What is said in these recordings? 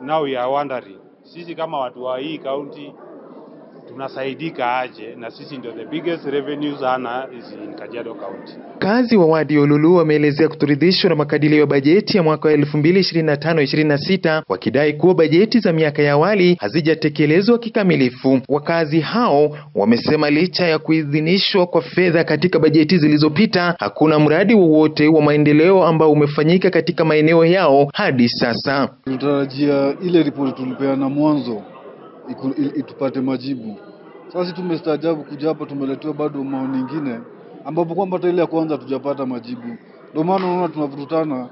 now we are wondering sisi kama watu wa hii kaunti tunasaidika aje, na sisi ndio the biggest revenues ana is in Kajiado County. Kazi wa wadi ya Ululu wameelezea kuturidhishwa na makadirio ya bajeti ya mwaka 2025 2026 wakidai kuwa bajeti za miaka ya awali hazijatekelezwa kikamilifu. Wakazi hao wamesema licha ya kuidhinishwa kwa fedha katika bajeti zilizopita, hakuna mradi wowote wa maendeleo ambao umefanyika katika maeneo yao hadi sasa. Tunatarajia ile ripoti tulipeana mwanzo itupate majibu. Sasa tumestaajabu kuja hapa, tumeletewa bado maoni ingine ambapo kwamba hata ile ya kwanza tujapata majibu. Ndio maana unaona tunavurutana,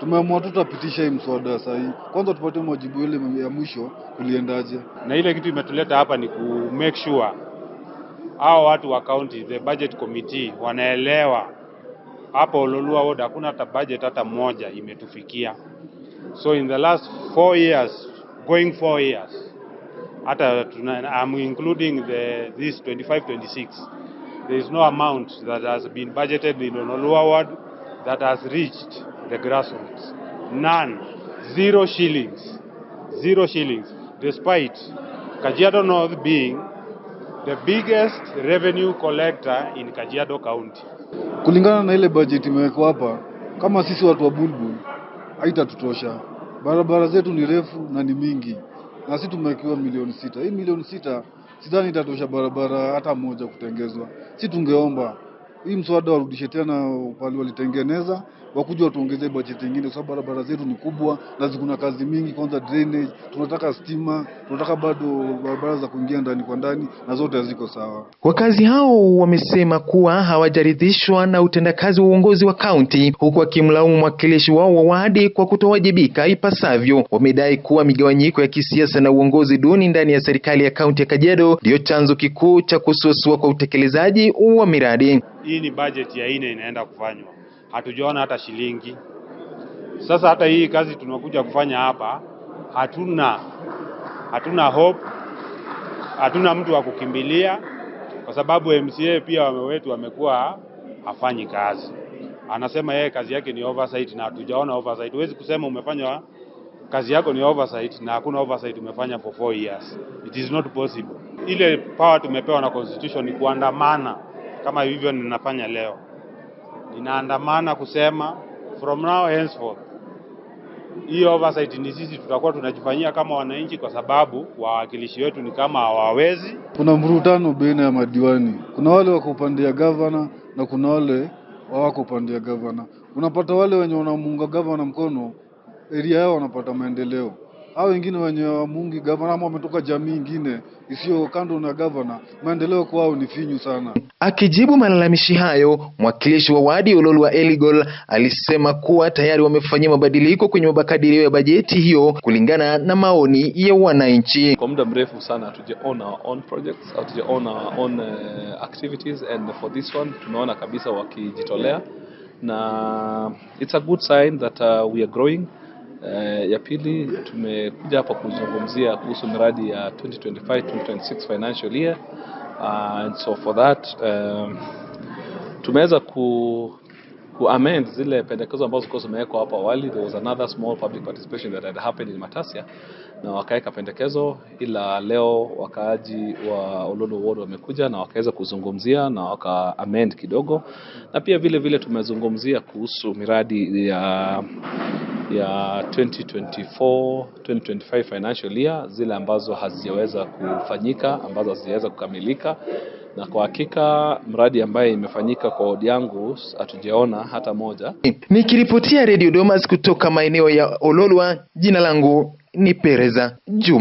tumeamua tutapitisha hii mswada sahii, kwanza tupate majibu ile ya mwisho kuliendaje. Na ile kitu imetuleta hapa ni ku make sure hao watu wa county, the budget committee wanaelewa hapo Ololua ward hakuna hata budget hata moja imetufikia. So in the last four years, going four years hata I'm including the, this 25 26 there is no amount that has been budgeted in Ololua ward that has reached the grassroots none zero shillings zero shillings despite Kajiado North being the biggest revenue collector in Kajiado County. Kulingana na ile budget imewekwa hapa, kama sisi watu wa Bulbul haitatutosha. Barabara zetu ni refu na ni mingi na si tumewekiwa milioni sita. Hii milioni sita sidhani itatosha barabara hata moja kutengezwa, si tungeomba hii mswada warudishe tena pale walitengeneza, wakuja watuongezee bajeti nyingine, kwa sababu barabara zetu ni kubwa na zikuna kazi mingi. Kwanza drainage, tunataka stima, tunataka bado barabara za kuingia ndani kwa ndani, na zote haziko sawa. Wakazi hao wamesema kuwa hawajaridhishwa na utendakazi wa uongozi wa kaunti, huku wakimlaumu mwakilishi wao wa wadi kwa kutowajibika ipasavyo. Wamedai kuwa migawanyiko ya kisiasa na uongozi duni ndani ya serikali ya kaunti ya Kajiado ndiyo chanzo kikuu cha kusuasua kwa utekelezaji wa miradi hii ni bajeti ya nne inaenda kufanywa, hatujaona hata shilingi. Sasa hata hii kazi tunakuja kufanya hapa, hatuna hatuna hope, hatuna mtu wa kukimbilia, kwa sababu MCA pia wame wetu wamekuwa hafanyi kazi, anasema yeye kazi yake ni oversight, na hatujaona oversight. Huwezi kusema umefanya kazi yako ni oversight na hakuna oversight umefanya for 4 years. It is not possible. Ile power tumepewa na constitution ni kuandamana kama hivyo ninafanya leo. Ninaandamana kusema from now henceforth hii oversight ni sisi tutakuwa tunajifanyia kama wananchi, kwa sababu wawakilishi wetu ni kama hawawezi. Kuna mrutano baina ya madiwani, kuna wale wako upande ya gavana na kuna wale wako upande ya gavana. Unapata wale wenye wanamuunga gavana mkono, eria yao wanapata maendeleo hao wengine wenye wamuungi gavana ama wametoka jamii ingine isiyo kando na gavana, maendeleo kwao ni finyu sana. Akijibu malalamishi hayo, mwakilishi wa wadi wa Eligol alisema kuwa tayari wamefanyia mabadiliko kwenye makadirio ya bajeti hiyo kulingana na maoni ya wananchi. Kwa muda mrefu sana hatujaona our own projects, hatujaona our own uh, activities and for this one tunaona kabisa wakijitolea na it's a good sign that uh, we are growing Uh, ya pili tumekuja hapa kuzungumzia kuhusu miradi ya 2025 2026 financial year uh, and so for that um, tumeweza ku kuamend zile pendekezo ambazo zilikuwa zimewekwa hapo awali. There was another small public participation that had happened in Matasia na wakaweka pendekezo, ila leo wakaaji wa Ololo Ward wamekuja na wakaweza kuzungumzia na waka amend kidogo, na pia vile vile tumezungumzia kuhusu miradi ya ya 2024 2025 financial year, zile ambazo hazijaweza kufanyika, ambazo hazijaweza kukamilika na kwa hakika mradi ambaye imefanyika kwa odi yangu hatujaona hata moja. Nikiripotia Radio Domas kutoka maeneo ya Ololwa, jina langu ni Pereza Juma.